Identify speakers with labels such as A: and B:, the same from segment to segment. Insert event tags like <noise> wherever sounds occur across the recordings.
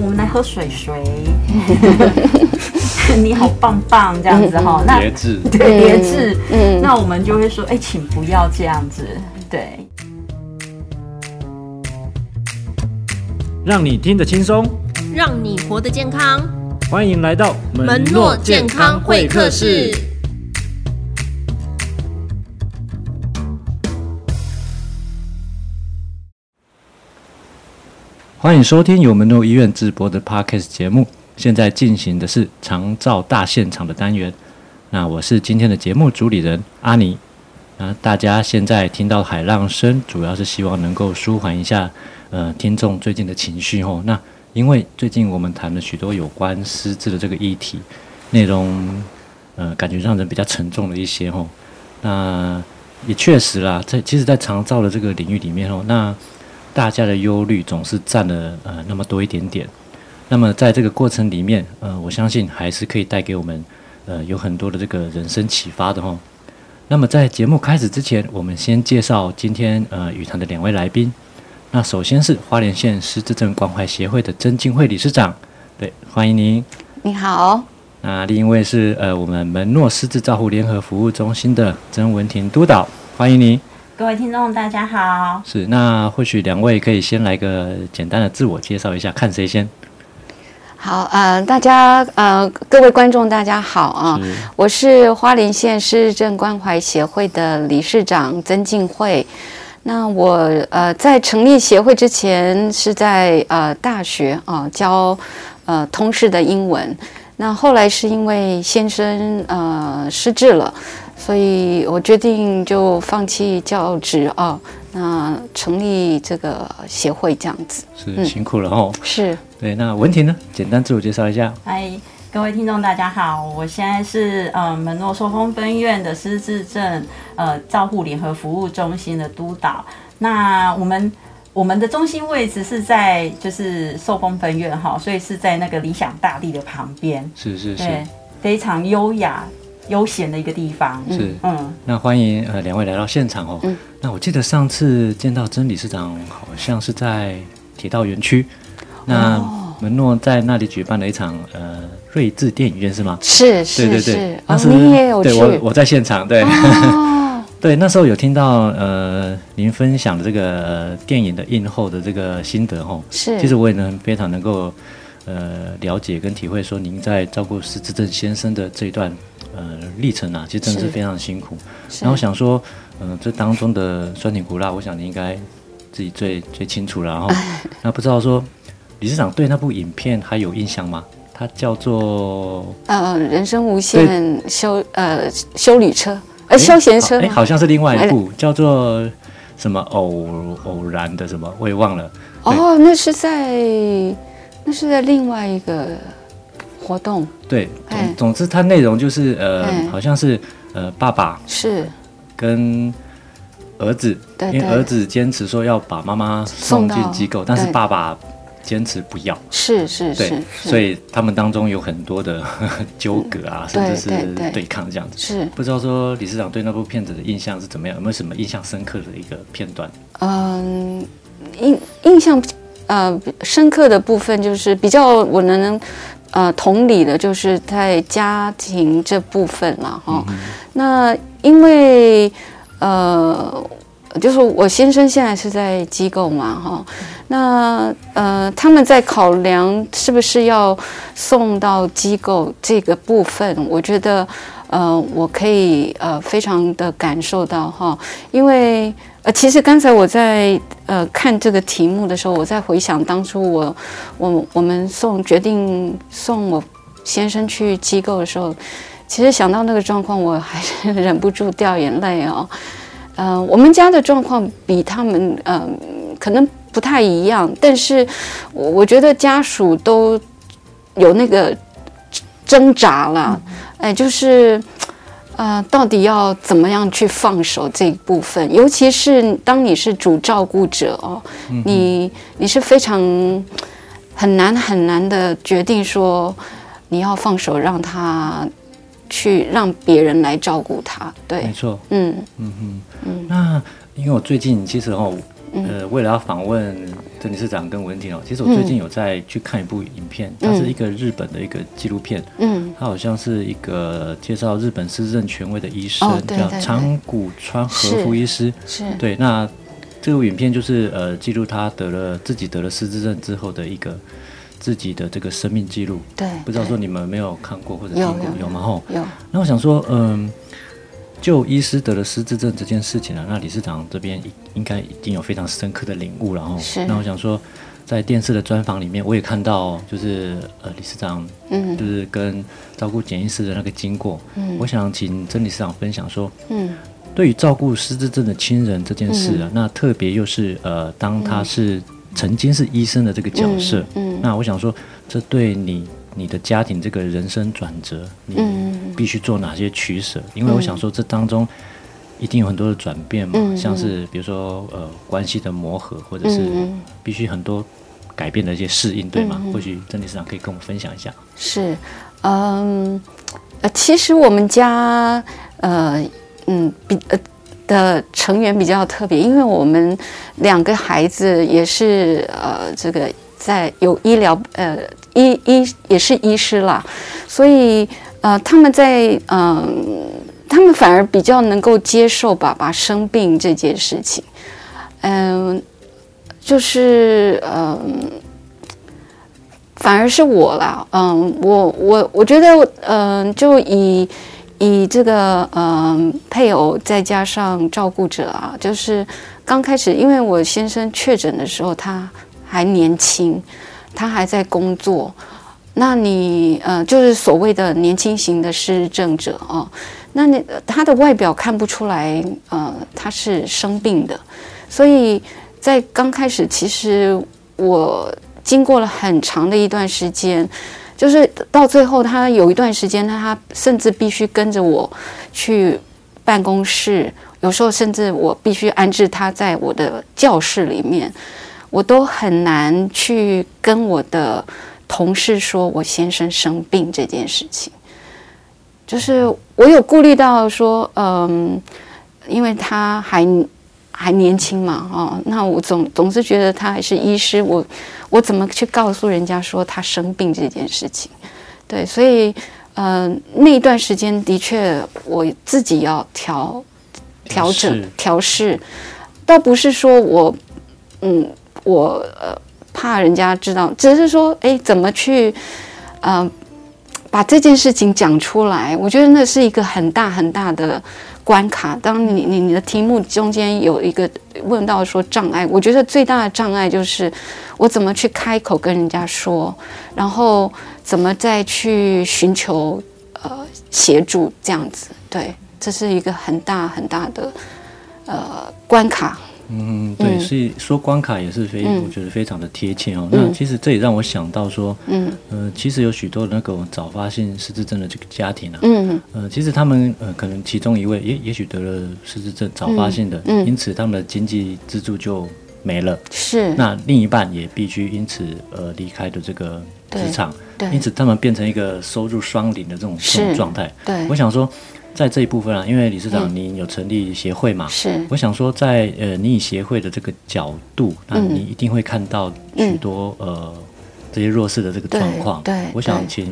A: 我們來喝水水 <laughs> <laughs> 你好棒棒這樣子哈，嗯嗯，那別致，對，別致，嗯嗯那我們就會說，哎、欸，請不要這樣子，對，
B: 讓你聽得輕鬆，
A: 讓你活得健康，
B: 歡迎來到門諾健康會客室。歡迎收聽由門諾醫院直播的 Podcast 節目。現在進行的是長照大現場的單元。那我是今天的節目主理人阿尼。那大家現在聽到海浪聲，主要是希望能夠舒緩一下呃聽眾最近的情緒哦。那因為最近我們談了許多有關失智的這個議題內容，呃，感覺讓人比較沉重了一些哦。那也確實啦，在其實，在長照的這個領域裡面哦，那。大家的憂慮總是占了呃那麼多一點點，那麼在這個過程裡面，呃，我相信還是可以帶給我們呃有很多的這個人生啟發的哈。那麼在節目開始之前，我們先介紹今天呃與談的兩位來賓。那首先是花蓮縣失智症關懷協會的曾敬惠理事長，對，歡迎您。
C: 你好。
B: 那另一位是呃我們門諾失智照護聯合服務中心的曾雯婷督導，歡迎您。各位聽眾，大家好。是，那或許兩位可以先來個簡單的自我介紹一下，看誰先。
C: 好，呃，大家呃，各位觀眾，大家好啊、呃，我是花蓮縣失智症關懷協會的理事長曾敬惠。那我呃，在成立協會之前，是在呃大學啊、呃、教呃通識的英文。那後來是因為先生呃失智了。所以我決定就放棄教職啊、哦，那成立這個協會這樣子，是、嗯、辛
B: 苦了哦。是，對。那文婷呢？簡單自我介紹一下。
C: 嗨，各位聽眾大家好，我現在是
A: 呃門諾壽豐分院的失智症呃照護聯合服務中心的督導。那我們我們的中心位置是在就是壽豐分院哈、哦，所以是在那個理想大地的旁邊。是是是，非常優雅。悠閒的一個地方，
B: 是嗯，那歡迎呃兩位來到現場哦、嗯。那我記得上次見到曾理事長，好像是在鐵道園區、哦，那門諾在那裡舉辦了一場呃睿智電影院，是嗎？是是是，當對對對時、哦、你也有對我我在現場對，哦、 <laughs> 對那時候有聽到呃您分享的這個、呃、電影的映後的這個心得哦，是，其實我也能非常能夠呃了解跟體會說，您在照顧石志正先生的這一段，呃，歷程啊，其實真的是非常辛苦。然後我想說，呃，這當中的酸甜苦辣，我想你應該自己最最清楚了哈。那不知道說，理事長對那部影片還有印象嗎？它叫做
C: 呃，人生無限休呃休旅車，哎、欸，休閒車，哎、欸，好像是另外一部，
B: 叫做什麼偶偶然的什麼，我也忘了。
C: 哦，那是在那是在另外一個。活
B: 動對，總、欸、總之，它內容就是呃、欸，好像是呃，爸爸是跟兒子對對對，因為兒子堅持說要把媽媽送進機構，但是爸爸堅持不要，
D: 是是對是，是，是，所以
B: 他們當中有很多的糾葛啊、嗯，甚至是對抗這樣子。是不知道說理事長對那部片子的印象是怎麼樣，有沒有什麼印象深刻的一個片段？嗯，
C: 印印象呃深刻的部分就是比較我能、能。呃，同理的，就是在家庭這部分嘛，哈、哦嗯嗯。那因為，呃，就是我先生現在是在機構嘛，哈、哦嗯。那呃，他們在考量是不是要送到機構這個部分，我覺得，呃，我可以呃，非常的感受到哈、哦，因為。其實剛才我在呃看這個題目的時候，我在回想當初我我我們送決定送我先生去機構的時候，其實想到那個狀況，我還是忍不住掉眼淚哦。呃、我們家的狀況比他們嗯、呃、可能不太一樣，但是我我覺得家屬都有那個掙扎了、嗯，哎，就是。呃，到底要怎麼樣去放手這一部分？尤其是當你是主照顧者哦，嗯、你你是非常很難很難的決定說你要放手讓他去讓別人來照顧他。對，沒
B: 錯，嗯嗯嗯，那因為我最近其實哦。嗯嗯、呃，為了要訪問曾理事長跟雯婷哦,其實我最近有在去看一部影片，嗯、它是一個日本的一個紀錄片，嗯，它好像是一個介紹日本失智症權威的醫師，哦，叫長谷川和夫醫師，是，是對。那這部影片就是呃，記錄他得了自己得了失智症之後的一個自己的這個生命記錄，對。不知道說你們沒有看過或者聽過有、有、有嗎？吼，有。那我想說，嗯、呃。就醫師得了失智症這件事情呢、啊，那理事長這邊應該已經有非常深刻的領悟然後、哦、是。那我想說，在電視的專訪裡面，我也看到，就是呃，理事長，
D: 嗯，就
B: 是跟照顧檢疫師的那個經過。嗯。我想請曾理事長分享說，嗯，對於照顧失智症的親人這件事啊，嗯、那特別又、就是呃，當他是曾經是醫生的這個角色，嗯，嗯嗯那我想說，這對你。你的家庭、這個人生轉折，你必須做哪些取捨？嗯、因為我想說，這當中一定有很多的轉變嘛，嗯、像是比如說呃關係的磨合，或者是必須很多改變的一些適應，嗯、對嗎？嗯、或許曾理事長可以跟我們分享一下。
C: 是，嗯，呃，其實我們家呃，嗯，比呃的成員比較特別，因為我們兩個孩子也是呃，這個在有醫療呃。醫醫也是醫師啦，所以呃，他們在嗯、呃，他們反而比較能夠接受爸爸生病這件事情，嗯、呃，就是嗯、呃，反而是我啦，嗯、呃，我我我覺得嗯、呃，就以以這個嗯、呃，配偶再加上照顧者啊，就是剛開始因為我先生確診的時候他還年輕。他還在工作，那你呃，就是所謂的年輕型的失智症者哦。那你他的外表看不出來，呃，他是生病的，所以在剛開始，其實我經過了很長的一段時間，就是到最後，他有一段時間，他甚至必須跟着我去辦公室，有時候甚至我必須安置他在我的教室裡面。我都很難去跟我的同事說我先生生病這件事情，就是我有顧慮到說，嗯，因為他還還年輕嘛，哦，那我總總是覺得他還是醫師，我我怎麼去告訴人家說他生病這件事情？對，所以，嗯，那一段時間的確我自己要調調整調試，倒不是說我，嗯。我呃，怕人家知道，只是說哎，怎麼去，呃，把這件事情講出來，我覺得那是一個很大很大的關卡。當你你你的題目中間有一個問到說障礙，我覺得最大的障礙就是我怎麼去開口跟人家說，然後怎麼再去尋求呃協助這樣子。對，這是一個很大很大的呃關卡。
B: 嗯，對，所以說關卡也是非，嗯、我覺得非常的貼切哦、嗯。那其實這也讓我想到說，嗯，呃，其實有許多那個早發性失智症的這個家庭啊，嗯嗯、呃，其實他們呃可能其中一位也也許得了失智症早發性的，嗯嗯、因此他們的經濟支柱就沒了，是，那另一半也必須因此而離開的這個職場。對，對，因此他們變成一個收入雙零的這種、這種狀態，對，我想說。在這一部分啊，因為理事長您有成立協會嘛、嗯？是。我想說在，在呃，你以協會的這個角度、嗯，那你一定會看到許多、嗯、呃這些弱勢的這個狀況。對。我想請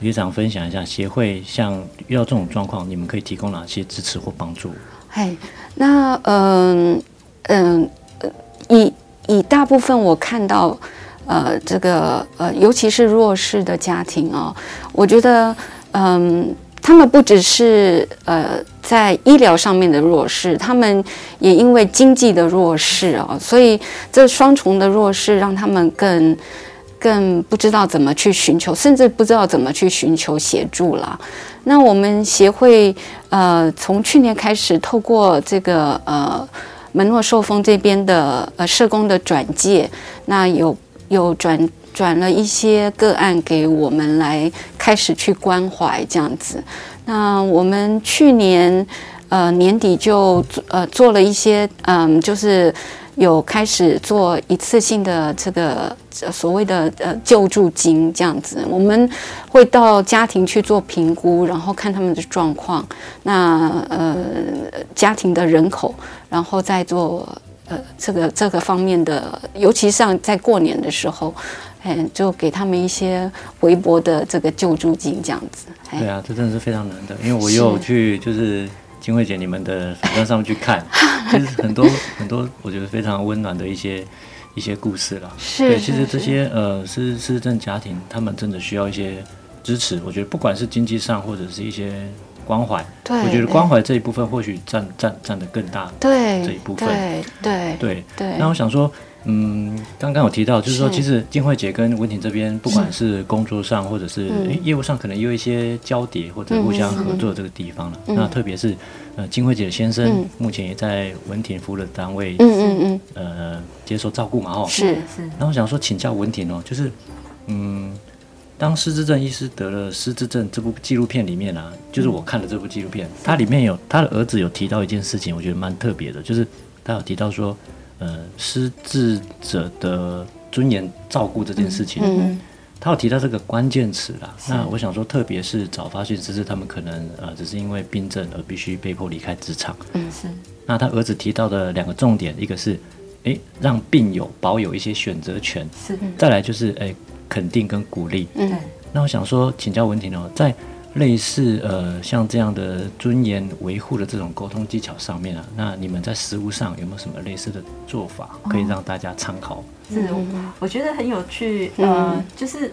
B: 理事長分享一下，協會像遇到這種狀況，你們可以提供哪些支持或幫助？
C: 哎，那嗯嗯、呃呃，以以大部分我看到，呃，這個呃，尤其是弱勢的家庭啊、哦，我覺得嗯。呃他們不只是呃在醫療上面的弱勢，他們也因為經濟的弱勢啊、哦，所以這雙重的弱勢讓他們更更不知道怎麼去尋求，甚至不知道怎麼去尋求協助了。那我們協會呃從去年開始，透過這個呃門諾壽豐這邊的呃社工的轉介，那有有轉。轉了一些個案給我們來開始去關懷這樣子。那我們去年呃年底就呃做了一些嗯、呃，就是有開始做一次性的這個所謂的呃救助金這樣子。我們會到家庭去做評估，然後看他們的狀況。那呃家庭的人口，然後再做呃這個這個方面的，尤其是像在過年的時候。嗯，就給他們一些微薄的這個救助金，這樣子，嗯。
B: 對啊，這真的是非常難的，因為我又去是就是敬惠姐你們的網站上面去看，其實很多很多，很多我覺得非常溫暖的一些一些故事了。是對，其實這些呃，失失智家庭，他們真的需要一些支持。我覺得不管是經濟上或者是一些關懷，我覺得關懷這一部分或許占占占的更大。對，這一部分，對
D: 對對對。那我想
B: 說。嗯，剛剛有提到，就是說，其實敬惠姐跟雯婷這邊，不管是工作上或者是，是、嗯欸、業務上，可能有一些交疊或者互相合作這個地方了。嗯嗯、那特別是呃，敬惠姐的先生目前也在雯婷服務的單位，嗯嗯嗯，嗯，呃，接受照顧嘛，哦，是是，是。然後我想說請教雯婷哦，就是，嗯，當失智症醫師得了失智症這部紀錄片裡面啊，就是我看了這部紀錄片，它、嗯、裡面有他的兒子有提到一件事情，我覺得蠻特別的，就是他有提到說。呃，失智者的尊嚴照顧這件事情嗯嗯，嗯，他有提到這個關鍵詞啦。那我想說，特別是早發性失智，他們可能呃，只是因為病症而必須被迫離開職場，嗯，
D: 是。
B: 那他兒子提到的兩個重點，一個是，誒、欸，讓病友保有一些選擇權，是。再來就是，誒、欸，肯定跟鼓勵，嗯。那我想說，請教雯婷哦、喔，在。類似呃，像這樣的尊嚴維護的這種溝通技巧上面啊，那你們在實務上有沒有什麼類似的做法，可以讓大家參考、哦？
A: 是，我覺得很有趣。嗯、呃，就是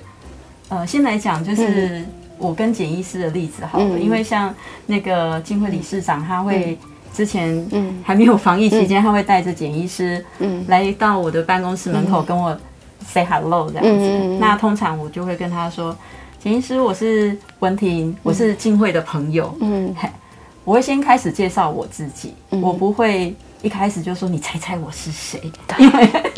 A: 呃，先來講，就是我跟簡醫師的例子好了、嗯。因為像那個敬惠理事長，他會之前還沒有防疫期間，他會帶着簡醫師嗯來到我的辦公室門口跟我 say hello 這樣子。嗯嗯嗯嗯那通常我就會跟他說。其實我是雯婷，我是敬惠的朋友。嗯，
C: 嗯
A: 嘿，我會先開始介紹我自己、嗯，我不會一開始就說你猜猜我是誰、嗯，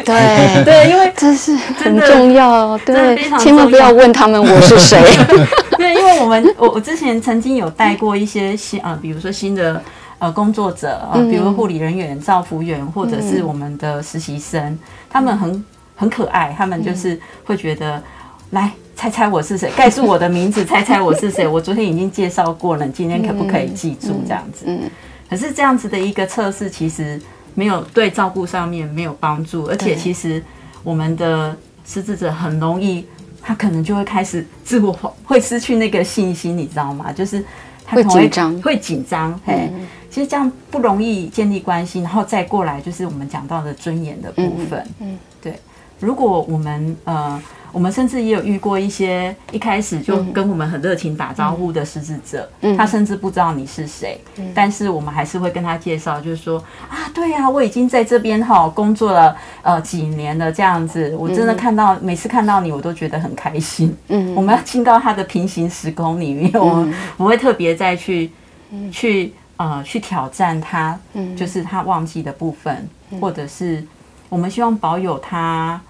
C: 對 <laughs> 對，因為這是很重要，對要，千萬不要問他們我是誰。 <laughs>
A: <laughs> 對，因為我們我我之前曾經有帶過一些新啊、呃，比如說新的呃工作者啊、呃嗯，比如護理人員、照服員，或者是我們的實習生、嗯，他們很很可愛，他們就是會覺得、嗯、來。猜猜我是誰？蓋住我的名字。 <laughs> 猜猜我是誰？我昨天已經介紹過了，你今天可不可以記住這樣子？嗯嗯嗯、可是這樣子的一個測試，其實沒有對照顧上面沒有幫助，而且其實我們的失智者很容易，他可能就會開始自我會失去那個信心，你知道嗎？就是他會緊張，會緊張。嘿、嗯，其實這樣不容易建立關係，然後再過來就是我們講到的尊嚴的部分嗯。嗯。對，如果我們呃。我們甚至也有遇過一些一開始就跟我們很熱情打招呼的失智者，嗯、他甚至不知道你是誰、嗯，但是我們還是會跟他介紹，就是說、嗯、啊，對呀、啊，我已經在這邊哈工作了呃幾年了，這樣子，我真的看到、嗯、每次看到你，我都覺得很開心。嗯，我們要進到他的平行時空裡面，嗯、我不會特別再去、嗯、去呃去挑戰他，嗯，就是他忘記的部分、嗯，或者是我們希望保有他。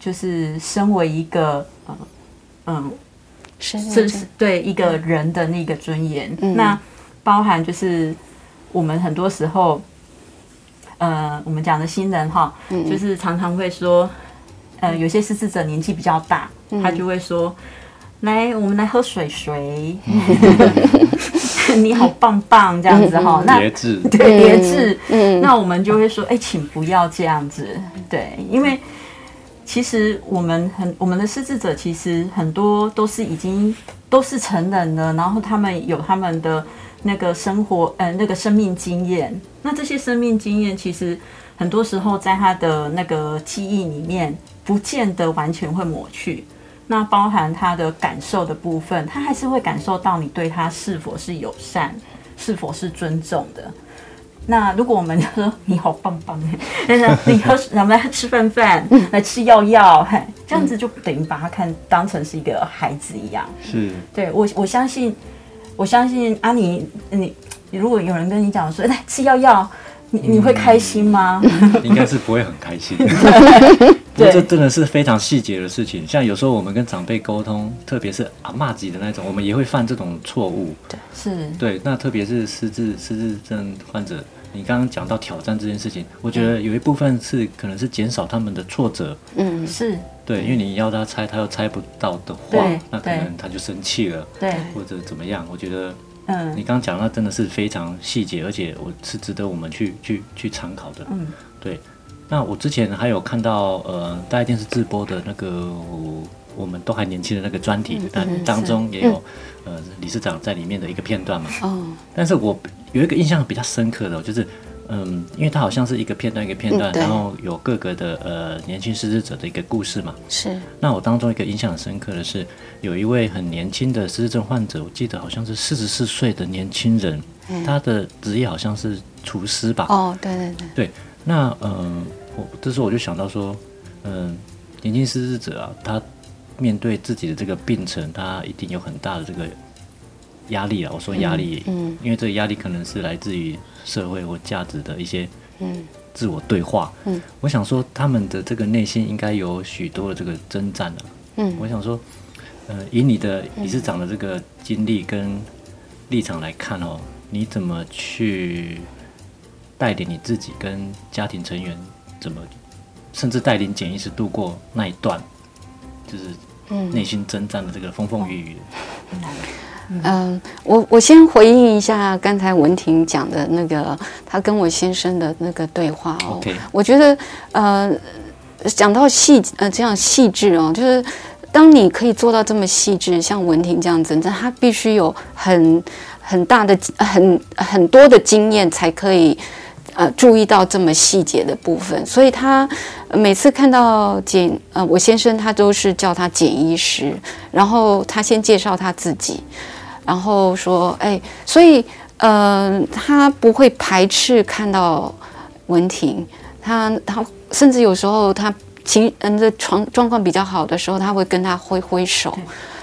A: 就是身為一個嗯，甚、呃呃、對一個人的那個尊嚴、嗯，那包含就是我們很多時候，呃，我們講的新人哈、嗯，就是常常會說，呃，有些失智者年紀比較大、嗯，他就會說，來，我們來喝水水，嗯、 <laughs> <laughs> <laughs> 你好棒棒這樣子哈、嗯嗯，那別致對別致，嗯，嗯，那我們就會說，哎、欸，請不要這樣子，對，因為。其實我們很，我們的失智者其實很多都是已經都是成人了，然後他們有他們的那個生活，呃，那個生命經驗。那這些生命經驗其實很多時候在他的那個記憶裡面，不見得完全會抹去。那包含他的感受的部分，他還是會感受到你對他是否是友善，是否是尊重的。那如果我們說你好棒棒哎、欸，那你要咱 <laughs> 們來吃飯飯，來吃藥藥，這樣子就等於把他看當成是一個孩子一樣。是，對我我相信，我相信阿、啊、你，你如果有人跟你講說吃藥藥，你、嗯、你會開心嗎？
B: 應該是不會很開心。 <laughs> 對， <laughs> 這真的是非常細節的事情。像有時候我們跟長輩溝通，特別是阿嬤級的那種，我們也會犯這種錯誤。對，是，對，那特別是失智失智症患者。你剛剛講到挑戰這件事情，我覺得有一部分是、嗯、可能是減少他們的挫折。嗯，是，對，因為你要他猜，他又猜不到的話，那可能他就生氣了，對，或者怎麼樣？我覺得，
D: 嗯，你剛
B: 剛講那真的是非常細節，而且我是值得我們去去去參考的。嗯，對。那我之前還有看到，呃，大家電視直播的那個，我們都還年輕的那個專題，當、嗯、當中也有、嗯，呃，理事長在裡面的一個片段嘛。哦、嗯，但是我。有一個印象比較深刻的，就是，嗯，因為它好像是一個片段一個片段，嗯、然後有各個的呃年輕失智者的一個故事嘛。是。那我當中一個印象很深刻的是，有一位很年輕的失智症患者，我記得好像是四十四歲的年輕人、嗯，他的職業好像是廚師吧。哦，對對對。對。那嗯、呃，我這時候我就想到說，嗯、呃，年輕失智者啊，他面對自己的這個病程，他一定有很大的這個。壓力啊！我說壓力，嗯，嗯，因為這個壓力可能是來自於社會或價值的一些，嗯，自我對話，嗯，嗯，我想說他們的這個內心應該有許多的這個征戰了、啊、嗯，我想說、呃，以你的理事長的這個經歷跟立場來看哦，你怎麼去帶領你自己跟家庭成員，怎麼甚至帶領潛意識度過那一段，就是內心征戰的這個風風雨雨。嗯嗯
C: 嗯，呃、我我先回應一下剛才文婷講的那個，她跟我先生的那個對話哦。Okay. 我覺得，呃，講到細，呃，這樣細緻哦，就是當你可以做到這麼細緻，像文婷這樣子，那他必須有很很大的、很很多的經驗才可以，呃，注意到這麼細節的部分。嗯、所以他每次看到簡，呃，我先生他都是叫他簡醫師，然後他先介紹他自己。然後說，哎，所以，嗯、呃，他不會排斥看到雯婷，他他甚至有時候他情嗯的狀狀況比較好的時候，他會跟他揮揮手，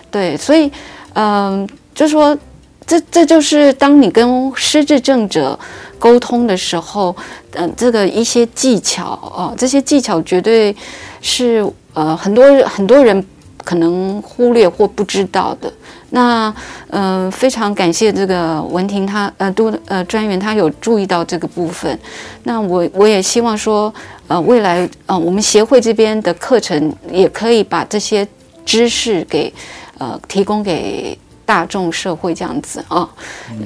C: 對，對所以，嗯、呃，就說這這就是當你跟失智症者溝通的時候，嗯、呃，這個一些技巧哦、呃，這些技巧絕對是呃很多很多人可能忽略或不知道的。那，嗯、呃，非常感謝這個雯婷，她呃，督呃專員，她有注意到這個部分。那我我也希望說，呃，未來呃，我們協會這邊的課程也可以把這些知識給，呃，提供給大眾社會這樣子啊、哦，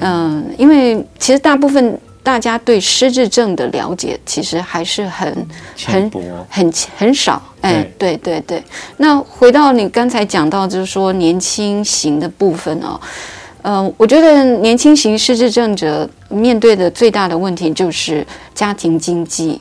C: 嗯、呃，因為其實大部分，大家對失智症的了解其實還是很、啊、很很很少，哎，對對對。那回到你剛才講到，就是說年輕型的部分哦，嗯、呃，我覺得年輕型失智症者面對的最大的問題就是家庭經濟，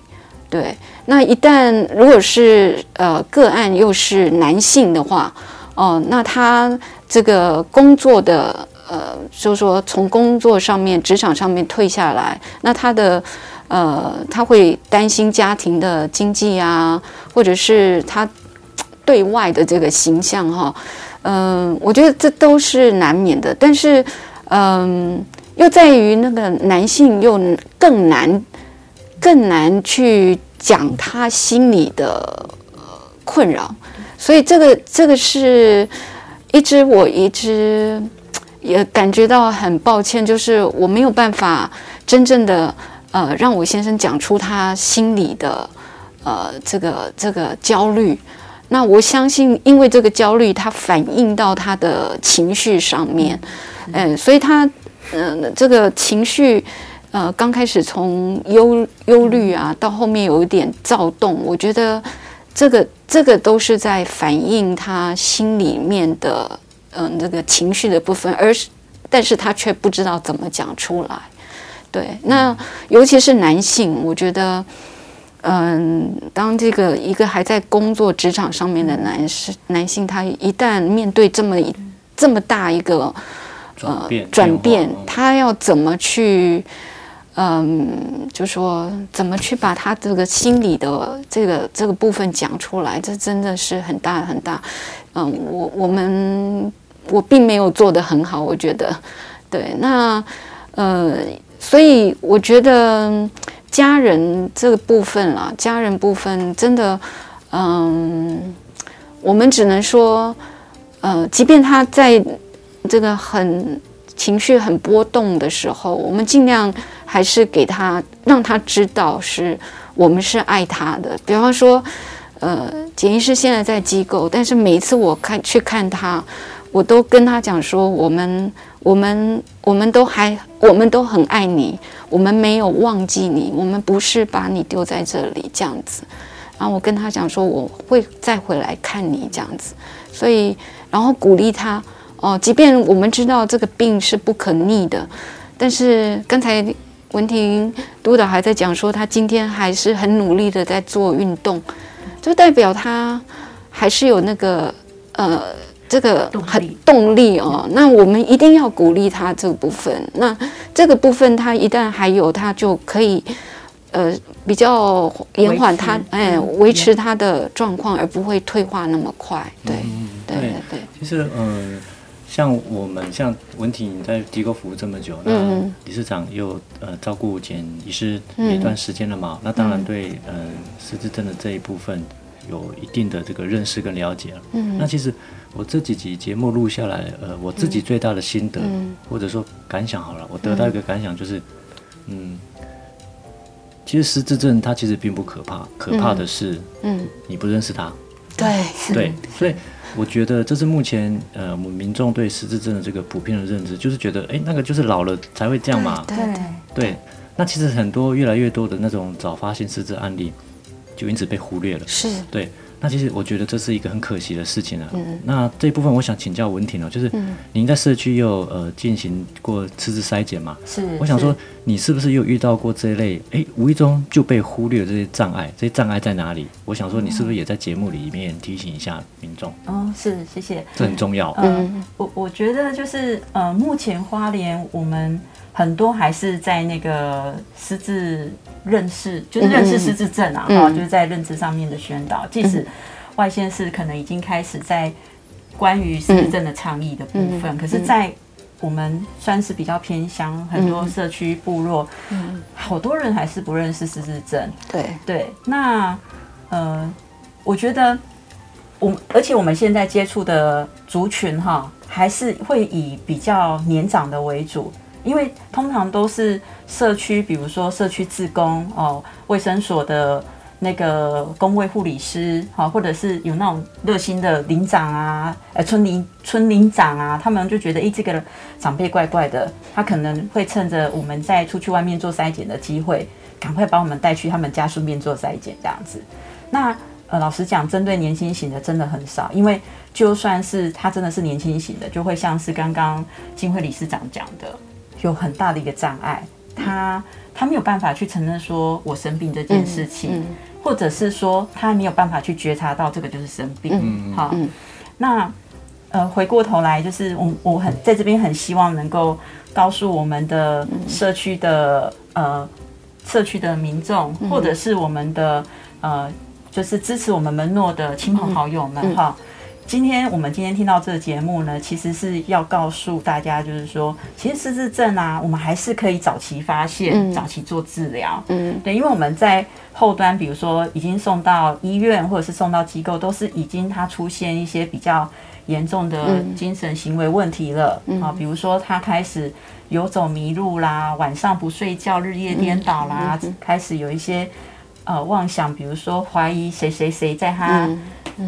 C: 對。那一旦如果是呃個案又是男性的話，哦、呃，那他這個工作的。呃，就是說從工作上面，職場上面退下來，那他的，呃，他會擔心家庭的經濟啊，或者是他對外的這個形象哈、哦，嗯、呃，我覺得這都是難免的。但是，嗯、呃，又在於那個男性又更難、更難去講他心裡的困擾，所以這個這個是一直我一直。也感覺到很抱歉，就是我沒有辦法真正的呃，讓我先生講出他心裡的呃這個這個焦慮。那我相信，因為這個焦慮，他反映到他的情緒上面，嗯，呃，所以他嗯，呃，這個情緒呃剛開始從憂憂慮啊，到後面有一點躁動，我覺得這個這個都是在反映他心裡面的。嗯，這個情緒的部分，而是，但是他卻不知道怎麼講出來。對，那尤其是男性，我覺得，嗯，當這個一個還在工作職場上面的男士男性，他一旦面對這麼一、嗯、這麼大一個轉變，呃、轉變，他要怎麼去，嗯，就說怎麼去把他這個心理的這個這個部分講出來，這真的是很大很大。嗯，我我們。我並沒有做得很好，我覺得，對，那，呃，所以我覺得家人這個部分啊，家人部分真的，嗯，我們只能說，呃，即便他在這個很情緒很波動的時候，我們盡量還是給他讓他知道是我們是愛他的。比方說，呃，簡醫師現在在機構，但是每一次我看去看他。我都跟他講說，我們、我們、我們都還，我們都很愛你，我們沒有忘記你，我們不是把你丟在這裡這樣子。然後我跟他講說，我會再回來看你這樣子，所以然後鼓勵他哦、呃。即便我們知道這個病是不可逆的，但是剛才雯婷督導還在講說，他今天還是很努力的在做運動，就代表他還是有那個呃。這個很動力哦，那我們一定要鼓勵他這個部分。那這個部分他一旦還有，他就可以呃比較延緩他，哎，維持他的狀況，而不會退化那麼快。
B: 對，嗯嗯、對對對，對其實嗯像我們像雯婷在機構服務這麼久，嗯、那理事長又呃照顧簡醫師一段時間了嘛、嗯，那當然對、嗯、呃失智症的這一部分。有一定的這個認識跟了解了。嗯，那其實我這幾集節目錄下來，呃，我自己最大的心得、嗯、或者說感想好了，我得到一個感想就是，嗯，嗯其實失智症它其實並不可怕，可怕的是，嗯，你不認識它，嗯嗯、
D: 對對，
B: 所以我覺得這是目前呃我們民眾對失智症的這個普遍的認知，就是覺得哎那個就是老了才會這樣嘛。對對，對對。對，那其實很多越來越多的那種早發性失智案例，就因此被忽略了，是對。那其實我覺得這是一個很可惜的事情啊、嗯。那這一部分我想請教雯婷哦，就是您在社區又呃進行過次次篩檢嘛是？是。我想說，你是不是又遇到過這一類？哎、欸，無意中就被忽略這些障礙，這些障礙在哪裡？我想說，你是不是也在節目裡面提醒一下民眾、嗯？
A: 哦，是，謝謝。
B: 這很重要。嗯，呃、
A: 我我覺得就是呃，目前花蓮我們。很多還是在那個失智認識，就是認識失智症啊，哈、嗯哦嗯，就是在認知上面的宣導。嗯、即使外縣市，可能已經開始在關於失智症的倡議的部分，嗯、可是，在我們算是比較偏鄉、嗯，很多社區部落，嗯，好多人還是不認識失智症。對對，那呃，我覺得我而且我們現在接觸的族群哈、哦，還是會以比較年長的為主。因為通常都是社區，比如說社區志工哦、呃，衛生所的那個公衛護理師，好、呃，或者是有那種熱心的鄰長啊，呃，村鄰、村鄰長啊，他們就覺得，誒、欸，這個長輩怪怪的，他可能會趁着我們在出去外面做篩檢的機會，趕快把我們帶去他們家，順便做篩檢這樣子。那呃，老實講，針對年輕型的真的很少，因為就算是他真的是年輕型的，就會像是剛剛敬惠理事長講的。有很大的一個障礙，他他沒有辦法去承認說我生病這件事情、嗯嗯，或者是說他沒有辦法去覺察到這個就是生病。嗯嗯、好，那呃，回過頭來就是我我很在這邊很希望能夠告訴我們的社區的、嗯、呃社區的民眾、嗯，或者是我們的呃就是支持我們門諾的親朋好友們，哈、嗯。嗯嗯今天我們今天聽到這個節目呢，其實是要告訴大家，就是說，其實失智症啊，我們還是可以早期發現，嗯、早期做治療。嗯，對，因為我們在後端，比如說已經送到醫院或者是送到機構，都是已經他出現一些比較嚴重的精神行為問題了、嗯嗯、啊，比如說他開始遊走迷路啦，晚上不睡覺，日夜顛倒啦、嗯嗯嗯，開始有一些呃妄想，比如說懷疑誰誰誰在他、嗯。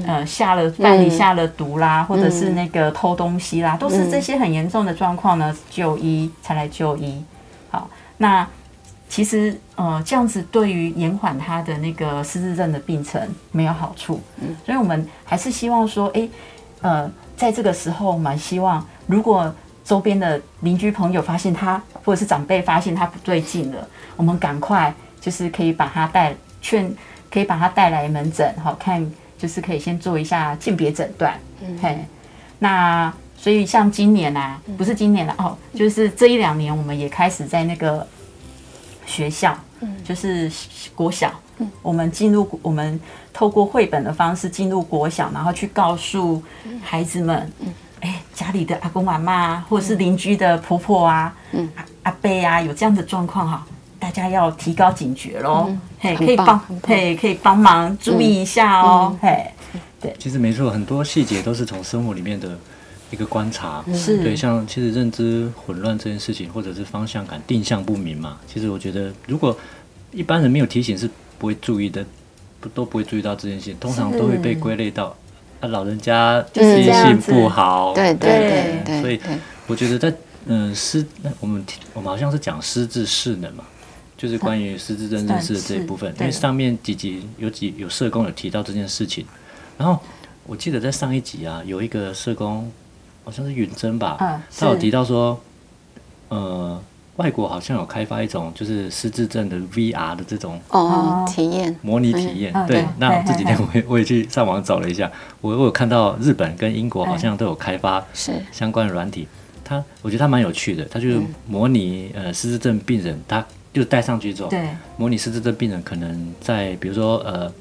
A: 呃，下了飯裡，嗯、下了毒啦，或者是那個偷東西啦，嗯，都是這些很嚴重的狀況呢。就醫才來就醫。好，那其實呃，這樣子對於延緩他的那個失智症的病程沒有好處。嗯，所以我們還是希望說，哎，欸，呃，在這個時候蠻希望，如果周邊的鄰居朋友發現他，或者是長輩發現他不對勁了，我們趕快就是可以把他帶勸，可以把他帶來門診，好看。就是可以先做一下鑑別診斷，嘿，那所以像今年啊，嗯、不是今年了、啊嗯、哦，就是這一兩年，我們也開始在那個學校，嗯，就是國小，嗯，我們進入，我們透過繪本的方式進入國小，然後去告訴孩子們，哎、嗯嗯欸，家裡的阿公阿嬤，或者是鄰居的婆婆啊，阿、嗯啊、阿伯啊，有這樣的狀況哈。大家要提高警覺嘍，嘿、嗯 hey,，可以幫，
B: 嘿，可以幫忙注意一
A: 下哦、喔，嘿、嗯 hey,
B: 嗯，對，其實沒錯，很多細節都是從生活裡面的一個觀察，是對，像其實認知混亂這件事情，或者是方向感定向不明嘛，其實我覺得如果一般人沒有提醒是不會注意的，不都不會注意到這件事情，通常都會被歸類到啊老人家記憶力不好，對對對，對，對所以我覺得在嗯失我們我們好像是講失智識能嘛。就是關於失智症認識的這一部分，因為上面幾集有幾有社工有提到這件事情。然後我記得在上一集啊，有一個社工，好像是允真吧、嗯，他有提到說，呃，外國好像有開發一種就是失智症的 VR 的這種體哦體驗模擬體驗。對，那這幾天我也我也去上網找了一下，我我有看到日本跟英國好像都有開發是相關的軟體。他我覺得他蠻有趣的，他就是模擬、嗯、呃失智症病人他。就帶上去之後，對，模擬失智症病人可能在，比如說，呃，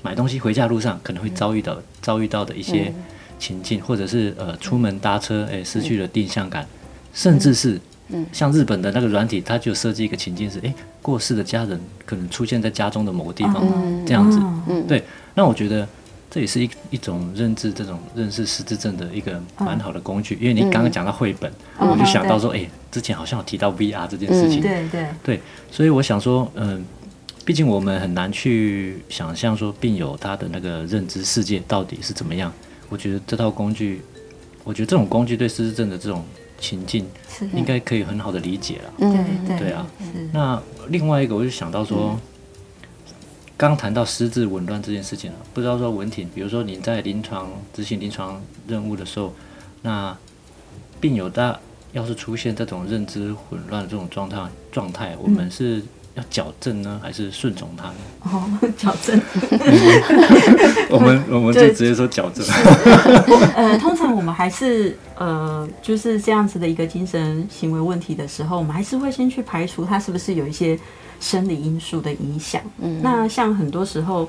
B: 買東西回家路上可能會遭遇到、嗯、遭遇到的一些情境，或者是呃，出門搭車，哎、欸，失去了定向感、嗯，甚至是，
D: 嗯，
B: 像日本的那個軟體，它就設計一個情境是，哎、欸，過世的家人可能出現在家中的某個地方、嗯，這樣子、嗯，對，那我覺得。這也是一一種認知這種認識失智症的一個蠻好的工具，哦、因為你剛剛講到繪本，嗯、我就想到說、嗯，哎，之前好像有提到 VR 這件事情，嗯、對對對，所以我想說，嗯，畢竟我們很難去想象說病友他的那個認知世界到底是怎麼樣，我覺得這套工具，我覺得這種工具對失智症的這種情境，應該可以很好的理解了、嗯，對對對，對啊，那另外一個我就想到說。嗯剛談到失智紊亂這件事情，不知道說雯婷，比如說你在臨床執行臨床任務的時候，那病友他要是出現這種認知混亂的這種狀態狀態，我們是要矯正呢，還是順從他呢？哦，
D: 矯正。嗯、 <laughs> 我們我們就直接說矯正。呃，通
B: 常
A: 我們還是呃就是這樣子的一個精神行為問題的時候，我們還是會先去排除他是不是有一些。生理因素的影響，那像很多時候，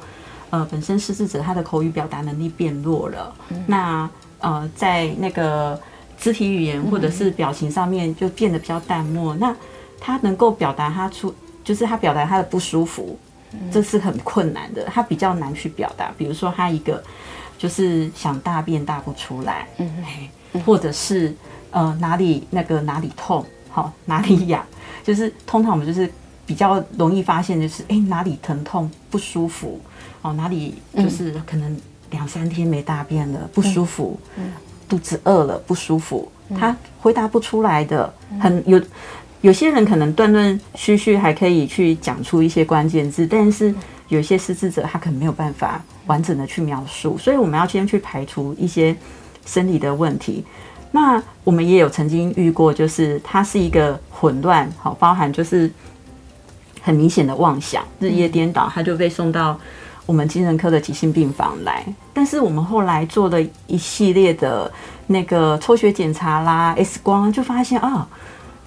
A: 呃，本身失智者他的口語表達能力變弱了，嗯、那呃，在那個肢體語言或者是表情上面就變得比較淡漠。嗯、那他能夠表達他出，就是他表達他的不舒服、嗯，這是很困難的，他比較難去表達。比如說他一個就是想大便大不出來，嗯、或者是呃哪裡那個哪裡痛，好、哦、哪裡癢，就是通常我們就是。比較容易發現就是，誒、欸、哪裡疼痛不舒服？哦，哪裡就是可能兩三天沒大便了，不舒服；嗯
D: 嗯、
A: 肚子餓了不舒服、嗯。他回答不出來的，很有有些人可能斷斷續續還可以去講出一些關鍵字，但是有一些失智者他可能沒有辦法完整的去描述，所以我們要先去排除一些生理的問題。那我們也有曾經遇過，就是它是一個混亂，好、哦，包含就是。很明顯的妄想，日夜顛倒，他就被送到我們精神科的急性病房來、嗯。但是我們後來做了一系列的那個抽血檢查啦、X 光，就發現啊，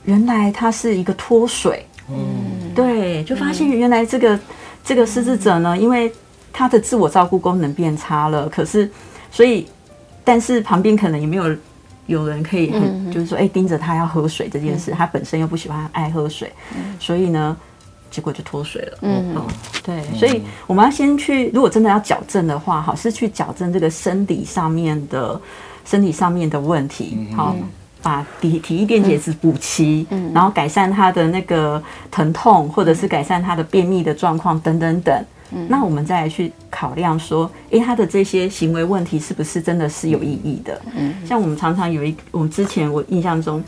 A: 原來他是一個脫水。嗯，對，就發現原來這個、嗯、這個失智者呢、嗯，因為他的自我照顧功能變差了，可是所以但是旁邊可能也沒有有人可以很、嗯，就是說哎、欸、盯着他要喝水這件事、嗯，他本身又不喜歡愛喝水，嗯、所以呢。結果就脫水了。嗯，嗯對嗯，所以我們要先去，如果真的要矯正的話，好是去矯正這個身體上面的身體上面的問題，好，嗯、把體體液電解質補齊，然後改善他的那個疼痛，嗯、或者是改善他的便秘的狀況等等等、嗯。那我們再來去考量說，誒、欸，他的這些行為問題是不是真的是有意義的？嗯，像我們常常有一，我們之前我印象中，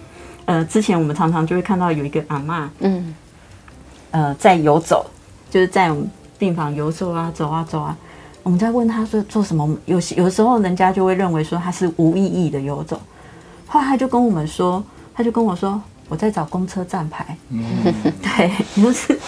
A: 呃，之前我們常常就會看到有一個阿嬤，嗯。呃，在遊走，就是在我們病房遊走啊，走啊走啊。我們在問他說做什麼，有些有時候人家就會認為說他是無意義的遊走。後來他就跟我們說，他就跟我說，我在找公車站牌。嗯、對，不
D: 是，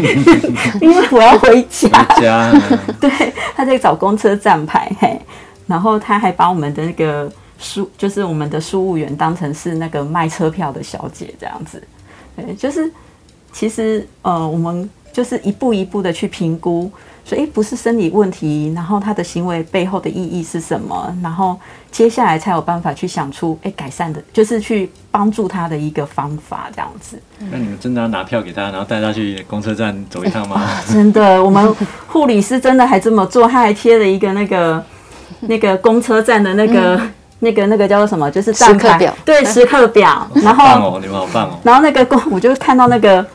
D: <laughs> <laughs>
A: 因為我要回家，回
D: 家、啊。
A: 對，他在找公車站牌。嘿，然後他還把我們的那個書，就是我們的書務員，當成是那個賣車票的小姐這樣子。對，就是。其實，呃，我們就是一步一步的去評估，所以、欸，不是生理問題，然後他的行為背後的意義是什麼，然後接下來才有辦法去想出，哎、欸，改善的，就是去幫助他的一個方法，這樣子、嗯。
B: 那你們真的要拿票給他，然後帶他去公車站走一趟嗎？欸
A: 哦、真的，我們護理師真的還這麼做，他還貼了一個那個那個公車站的那個、嗯、那個那個叫做什麼，就是大刻表，對，時刻表。哦、
D: 然後、哦
B: 哦、你們好棒
A: 哦。然後那個公，我就看到那個。嗯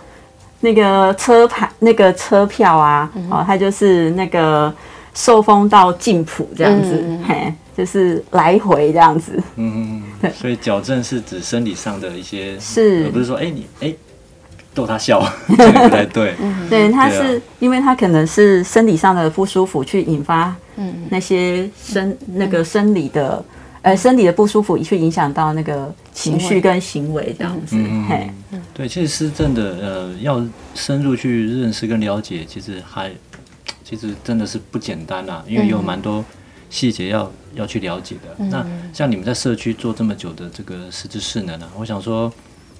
A: 那個車牌、那個車票啊，嗯、哦，他就是那個壽豐到晉普這樣子，嗯嗯嗯嘿，就是來回這樣
B: 子。嗯，所以矯正是指生理上的一些，是而不是說哎、欸、你哎、欸、逗他笑， <laughs> 這不太對，嗯嗯對他是
A: 對、哦、因為他可能是生理上的不舒服去引發那些生嗯嗯那個生理的。呃，身體的不舒服，也去影響到那個情緒跟行為這樣子。
B: 嗯、對，其實失智症的呃，要深入去認識跟了解，其實還其實真的是不簡單啦，因為也有蠻多細節要要去了解的、嗯。那像你們在社區做這麼久的這個失智識能呢、啊？我想說，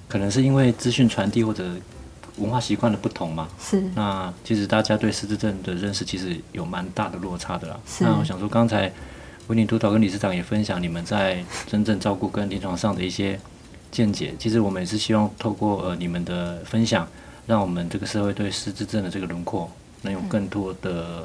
B: 可能是因為資訊傳遞或者文化習慣的不同嘛。是。那其實大家對失智症的認識，其實有蠻大的落差的啦。那我想說，剛才。雯婷督導跟理事長也分享你們在真正照顧跟臨床上的一些見解。其實我們也是希望透過呃你們的分享，讓我們這個社會對失智症的這個輪廓能有更多的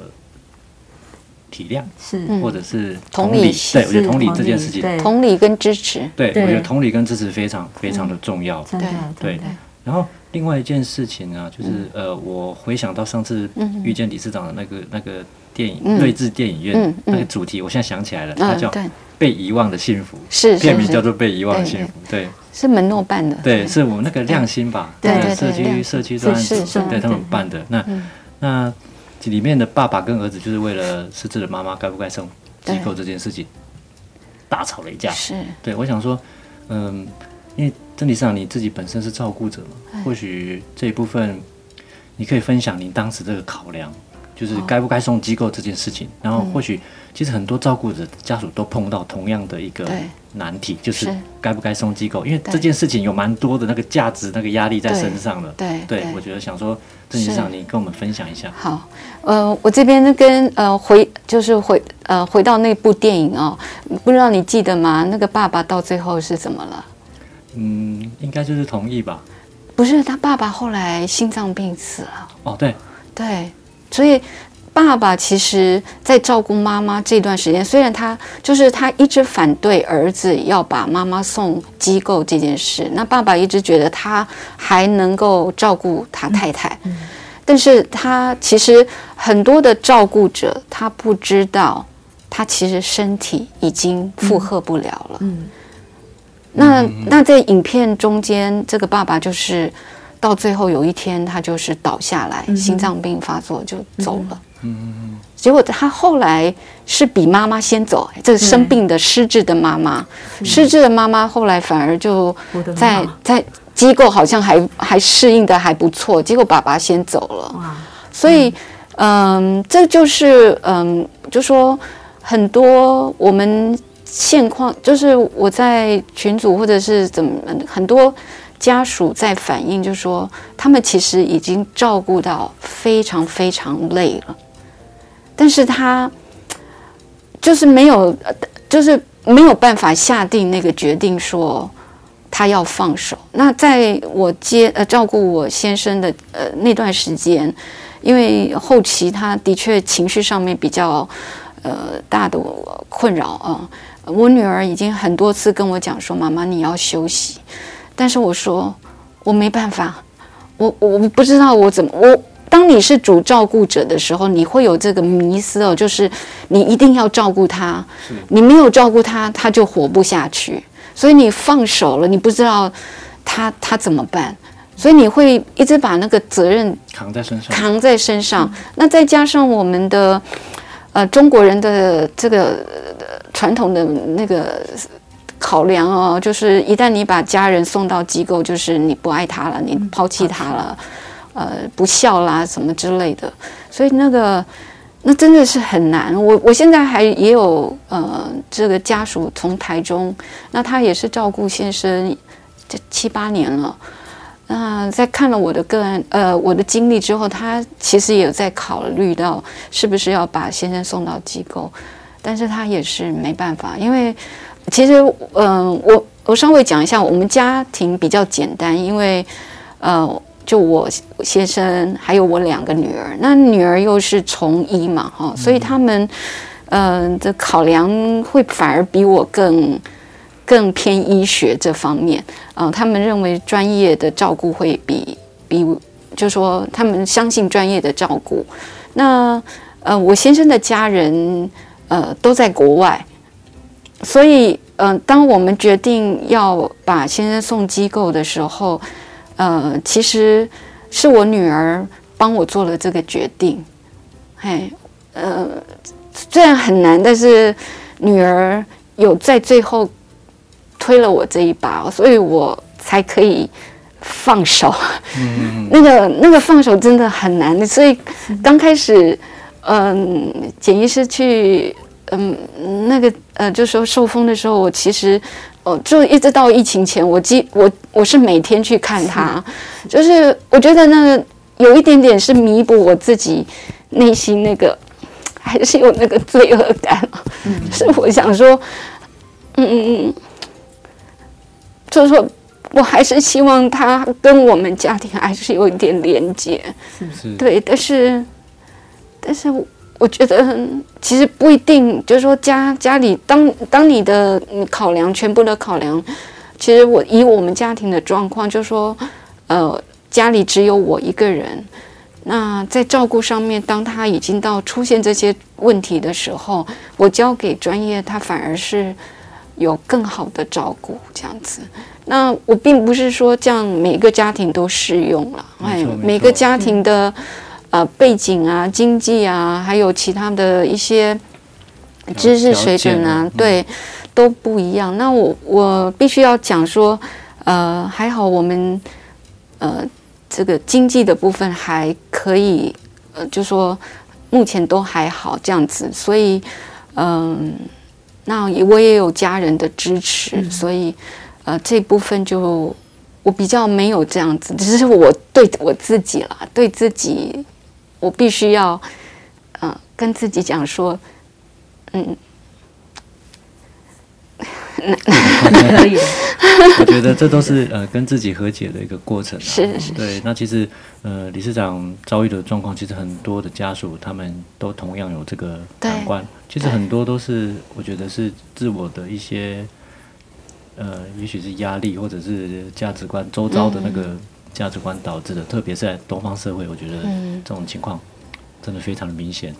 B: 體諒、嗯，是或者是同理，同理對，我覺得同理，同理這件事情，對，對同
C: 理跟支持，對，對我覺得同
B: 理跟支持非常非常的重要。嗯啊對，啊、對，然後另外一件事情啊，就是、嗯、呃，我回想到上次遇見理事長的那個、嗯、那個。電影瑞、嗯、智電影院那個、嗯嗯、主題，我現在想起來了，嗯、它叫《被遺忘的幸福》啊，是片名叫做《被遺忘的幸福》，對，
C: 是門諾辦的對對對，對，
B: 是我們那個亮心吧，對，對,對社區社區專對，對他們，們辦的。那那裡面的爸爸跟兒子，就是為了失智的媽媽該不該送機構這件事情大吵了一架。是，對，我想說，嗯，因為曾理事長你自己本身是照顧者嘛，或許這一部分你可以分享你當時這個考量。就是該不該送機構這件事情、哦，然後或許其實很多照顧者的家屬都碰到同樣的一個難題，嗯、就是該不該送機構，因為這件事情有蠻多的那個價值、那個壓力在身上的。對，對，對，對，對，對，對我覺得想說鄭局長，你跟我們分享一下。好，
C: 呃，我這邊呢跟呃回，就是回呃回到那部電影哦，不知道你記得嗎？那個爸爸到最後是怎麼了？
B: 嗯，應該就是同意吧？
C: 不是，他爸爸後來心臟病死了。哦，對，對。所以，爸爸其實，在照顧媽媽這段時間，雖然他就是他一直反對兒子要把媽媽送機構這件事，那爸爸一直覺得他還能夠照顧他太太，嗯嗯、但是他其實很多的照顧者，他不知道他其實身體已經負荷不了
D: 了。
C: 嗯嗯、那那在影片中間，這個爸爸就是。到最後有一天，他就是倒下來，嗯、心臟病發作就走
D: 了
C: 嗯。嗯，結果他後來是比媽媽先走、嗯，這是生病的失智的媽媽、嗯，失智的媽媽後來反而就在在機構好像還還適應的還不錯，結果爸爸先走了。哇，所以嗯，嗯，這就是，嗯，就說很多我們現況，就是我在群組或者是怎麼很多。家屬在反映，就是說，他們其實已經照顧到非常非常累了，但是他就是沒有，就是沒有辦法下定那個決定，說他要放手。那在我接呃照顧我先生的呃那段時間，因為後期他的確情緒上面比較呃大的困擾啊，呃，我女兒已經很多次跟我講說，媽媽，你要休息。但是我說，我沒辦法，我我不知道我怎麼我當你是主照顧者的時候，你會有這個迷思哦，就是你一定要照顧他，你沒有照顧他他就活不下去，所以你放手了，你不知道他他怎麼辦，所以你會一直把那個責任
B: 扛在身上，扛
C: 在身上。那再加上我們的呃中國人的這個呃、傳統的那個。考量哦，就是一旦你把家人送到機構，就是你不愛他了，你拋棄他了，嗯啊、呃，不孝啦，什麼之類的，所以那個那真的是很難。我我現在還也有呃，這個家屬從台中，那他也是照顧先生這七八年了。那、呃、在看了我的個案呃我的經歷之後，他其實也在考慮到是不是要把先生送到機構，但是他也是沒辦法，因為。其實，嗯、呃，我我稍微講一下，我們家庭比較簡單，因為，呃，就我先生還有我兩個女兒，那女兒又是從醫嘛，哈、哦，所以他們，嗯、呃，的考量會反而比我更更偏醫學這方面，嗯、呃，他們認為專業的照顧會比比，就說他們相信專業的照顧。那，呃，我先生的家人，呃，都在國外，所以。嗯、呃，當我們決定要把先生送機構的時候，呃，其實是我女兒幫我做了這個決定。嘿，呃，雖然很難，但是女兒有在最後推了我這一把，所以我才可以放手。嗯嗯嗯 <laughs> 那個那個放手真的很難的，所以剛開始，嗯、呃，簡易是去。嗯，那個呃，就是說受風的時候，我其實哦，就一直到疫情前，我記，我我是每天去看他，是就是我覺得那個有一點點是彌補我自己內心那個還是有那個罪惡感，嗯，就是我想說，嗯嗯嗯，就是說我還是希望他跟我們家庭還是有一點連接，是不是？對，但是，但是我。我覺得其實不一定，就是說家家裡當當你的你考量，全部的考量，其實我以我們家庭的狀況，就是說，呃，家裡只有我一個人，那在照顧上面，當他已經到出現這些問題的時候，我交給專業，他反而是有更好的照顧這樣子。那我並不是說這樣每個家庭都適用了，哎，每個家庭的。嗯呃，背景啊，經濟啊，還有其他的一些知識水準啊，了解了、嗯、對，都不一樣。那我我必須要講說，呃，還好我們呃這個經濟的部分還可以，呃，就說目前都還好這樣子。所以，嗯、呃，那我也有家人的支持，嗯、所以呃這部分就我比較沒有這樣子，只是我對我自己啦，對自己。我必須要，呃，跟自己講說，
B: 嗯，可
D: 以，我
B: 覺得這都是呃跟自己和解的一個過程。是是是。對，那其實呃，理事長遭遇的狀況，其實很多的家屬他們都同樣有這個難關。其實很多都是，我覺得是自我的一些，呃，也許是壓力，或者是價值觀周遭的那個。嗯價值觀導致的，特別是在東方社會，我覺得這種情況真的非常的明顯。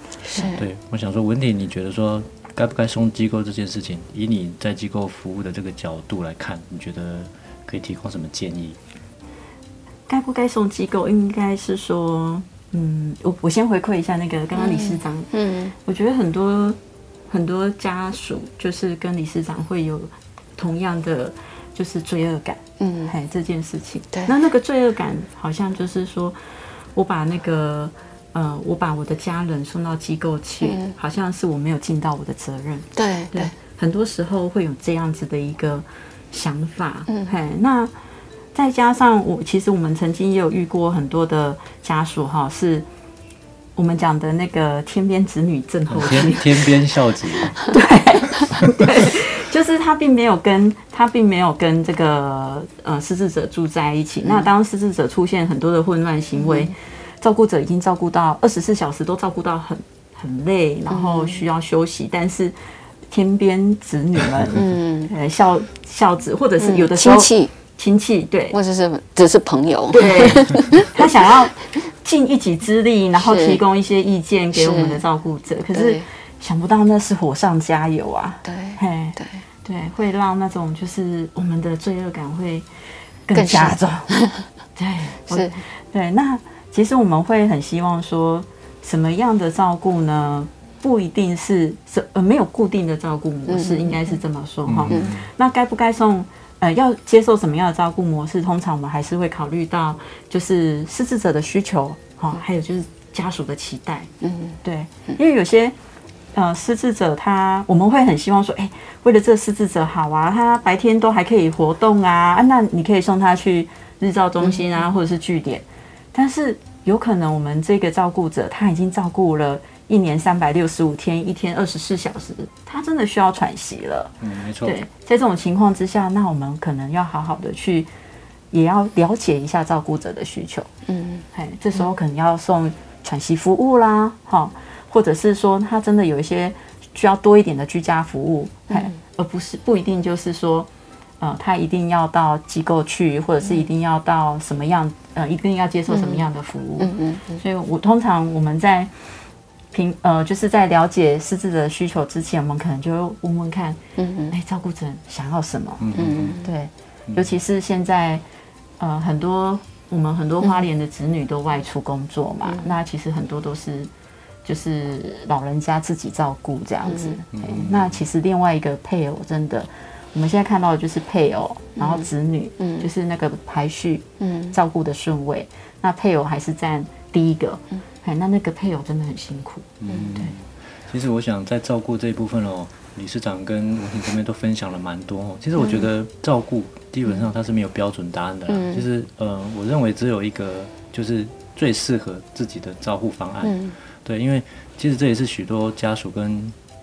B: 嗯。對，我想說，雯婷，你覺得說該不該送機構這件事情，以你在機構服務的這個角度來看，你覺得可以提供什麼建議？
A: 該不該送機構，應該是說，嗯，我我先回饋一下那個剛剛理事長，嗯。嗯，我覺得很多很多家屬就是跟理事長會有同樣的。就是罪惡感，嗯，嘿，這件事情，對，那那個罪惡感好像就是說，我把那個，呃，我把我的家人送到機構去，嗯，好像是我沒有盡到我的責任，對，對，對，很多時候會有這樣子的一個想法，嗯，嘿，那再加上我，其實我們曾經也有遇過很多的家屬，哈，是我們講的那個天邊子女症候群天， <laughs> 天
B: 邊孝子，對， <laughs> 對，
A: 對。就是他並沒有跟他並沒有跟這個呃失智者住在一起。嗯、那當失智者出現很多的混亂行為，嗯、照顧者已經照顧到二十四小時都照顧到很很累，然後需要休息。嗯、但是天邊子女們，嗯，呃、孝孝子或者是有的時候親戚親戚，對，或者
C: 是只是朋友，對，
A: 他想要盡一己之力，然後提供一些意見給我們的照顧者，可是。想不到那是火上加油啊！對，嘿，對，對，會讓那種就是我們的罪惡感會更加重。 <laughs> <laughs> 對，是，對。那其實我們會很希望說，什麼樣的照顧呢？不一定是，是呃沒有固定的照顧模式，嗯、應該是這麼說哈、嗯嗯嗯嗯。那該不該送呃要接受什麼樣的照顧模式？通常我們還是會考慮到就是失智者的需求哈、哦嗯，還有就是家屬的期待。嗯，對，嗯、因為有些。呃，失智者他，我們會很希望說，哎、欸，為了這失智者好啊，他白天都還可以活動啊，啊那你可以送他去日照中心啊嗯嗯，或者是據點。但是有可能我們這個照顧者他已經照顧了一年三百六十五天，一天二十四小時，他真的需要喘息了。
D: 嗯，沒錯。對，在
A: 這種情況之下，那我們可能要好好的去，也要了解一下照顧者的需求。嗯，嗯，哎，這時候可能要送喘息服務啦，哈。或者是說他真的有一些需要多一點的居家服務，哎、嗯，而不是不一定就是說，呃，他一定要到機構去，或者是一定要到什麼樣、嗯，呃，一定要接受什麼樣的服務。嗯嗯。所以我通常我們在平呃就是在了解失智的需求之前，我們可能就問問看，嗯嗯，哎、欸，照顧者想要什麼？
D: 嗯嗯。
A: 對，尤其是現在呃，很多我們很多花蓮的子女都外出工作嘛，嗯、那其實很多都是。就是老人家自己照顧這樣子、嗯，那其實另外一個配偶真的，我們現在看到的就是配偶，然後子女，嗯嗯、就是那個排序，
D: 嗯，
A: 照顧的順位，那配偶還是佔第一個、嗯，那那個配偶真的很辛苦，嗯，
B: 對。其實我想在照顧這一部分哦，理事長跟雯婷這邊都分享了蠻多哦。其實我覺得照顧基本上它是沒有標準答案的、嗯，就是呃，我認為只有一個就是。最適合自己的照顧方案、嗯，對，因為其實這也是許多家屬跟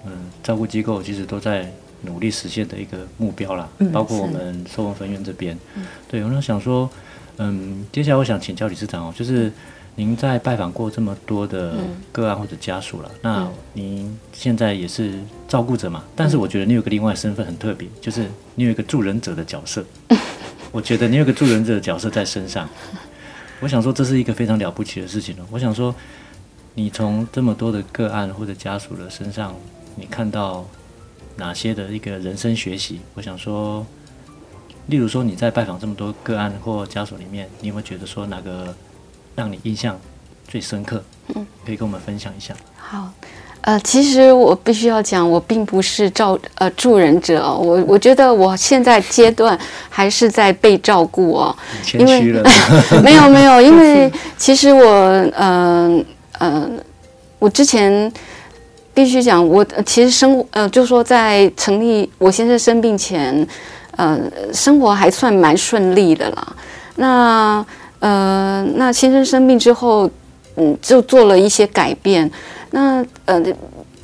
B: 嗯照顧機構其實都在努力實現的一個目標啦。嗯、包括我們壽豐分院這邊，嗯、對我就想說，嗯，接下來我想請教理事長哦，就是您在拜訪過這麼多的個案或者家屬了、嗯，那您現在也是照顧者嘛、嗯？但是我覺得你有一個另外的身份很特別，就是你有一個助人者的角色。嗯、我覺得你有一個助人者的角色在身上。我想說，這是一個非常了不起的事情了、喔。我想說，你從這麼多的個案或者家屬的身上，你看到哪些的一個人生學習？我想說，例如說你在拜訪這麼多個案或家屬裡面，你有沒有覺得說哪個讓你印象最深刻？嗯，可以跟我們分享一下。
D: 好。
C: 呃，其實我必須要講，我並不是照呃助人者，我我覺得我現在階段還是在被照顧哦，謙虛了，因為 <laughs> 沒有沒有，因為其實我呃呃，我之前必須講，我、呃、其實生活呃，就說在成立我先生生病前，呃，生活還算蠻順利的啦。那呃，那先生生病之後，嗯，就做了一些改變。那呃，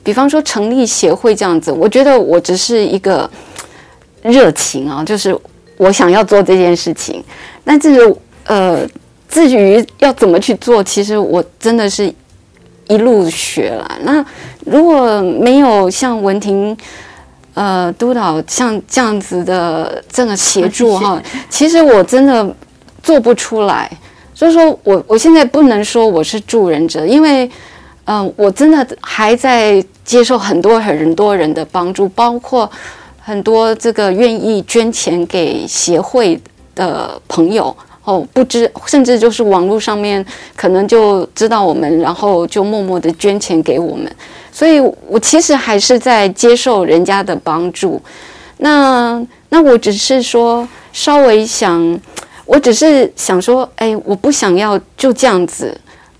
C: 比方說成立協會這樣子，我覺得我只是一個熱情啊，就是我想要做這件事情。那這個呃，至於要怎麼去做，其實我真的是一路學了。那如果沒有像雯婷呃督導像這樣子的這個協助哈、啊，其實我真的做不出來。所以說我我現在不能說我是助人者，因為。嗯、呃，我真的還在接受很多很多人的幫助，包括很多這個願意捐錢給協會的朋友哦，不知甚至就是網絡上面可能就知道我們，然後就默默的捐錢給我們，所以我其實還是在接受人家的幫助。那那我只是說，稍微想，我只是想說，哎，我不想要就這樣子。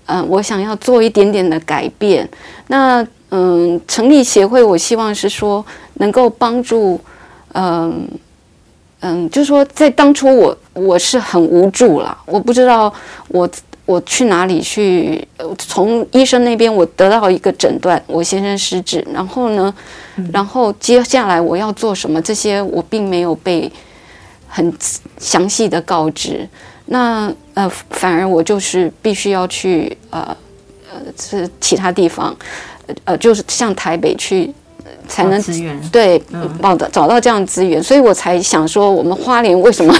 C: 嗯、呃，我想要做一點點的改變。那嗯、呃，成立協會，我希望是說能夠幫助，嗯、呃、嗯、呃，就是說在當初我我是很無助了，我不知道我我去哪裡去、呃。從醫生那邊我得到一個診斷，我先生失智，然後呢，然後接下來我要做什麼？這些我並沒有被很詳細的告知。那呃，反而我就是必須要去呃，呃，是其他地方，呃，就是向台北去，呃、才能對，找到、嗯、找到這樣的資源，所以我才想說，我們花蓮為什麼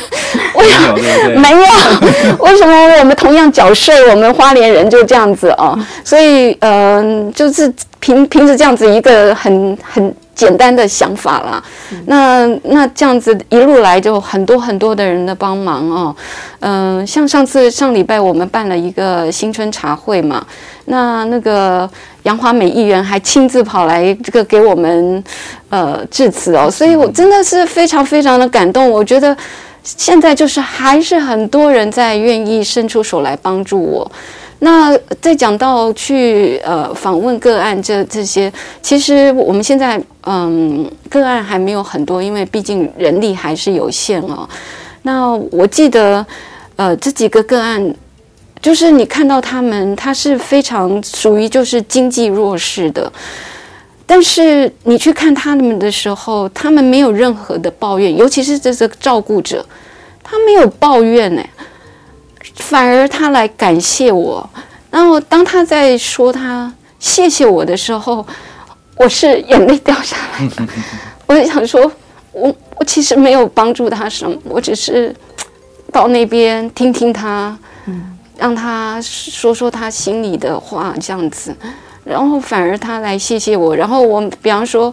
D: 為什麼沒有？ <laughs> 沒有沒有
C: <laughs> 為什麼我們同樣繳稅，我們花蓮人就這樣子啊、哦？所以，嗯、呃，就是憑憑着這樣子一個很很，簡單的想法啦，那那這樣子一路來就很多很多的人的幫忙哦，嗯、呃，像上次上禮拜我們辦了一個新春茶會嘛，那那個楊華美議員還親自跑來這個給我們呃致辭哦，所以我真的是非常非常的感動，我覺得現在就是還是很多人在願意伸出手來幫助我。那再講到去呃訪問個案這這些，其實我們現在嗯、呃、個案還沒有很多，因為畢竟人力還是有限哦。那我記得呃這幾個個案，就是你看到他們，他是非常屬於就是經濟弱勢的，但是你去看他們的時候，他們沒有任何的抱怨，尤其是這個照顧者，他沒有抱怨呢。反而他來感謝我，然後當他在說他謝謝我的時候，我是眼淚掉下來的。 <laughs> 我就想說，我我其實沒有幫助他什麼，我只是到那邊聽聽他、嗯，讓他說說他心裡的話這樣子。然後反而他來謝謝我。然後我比方說，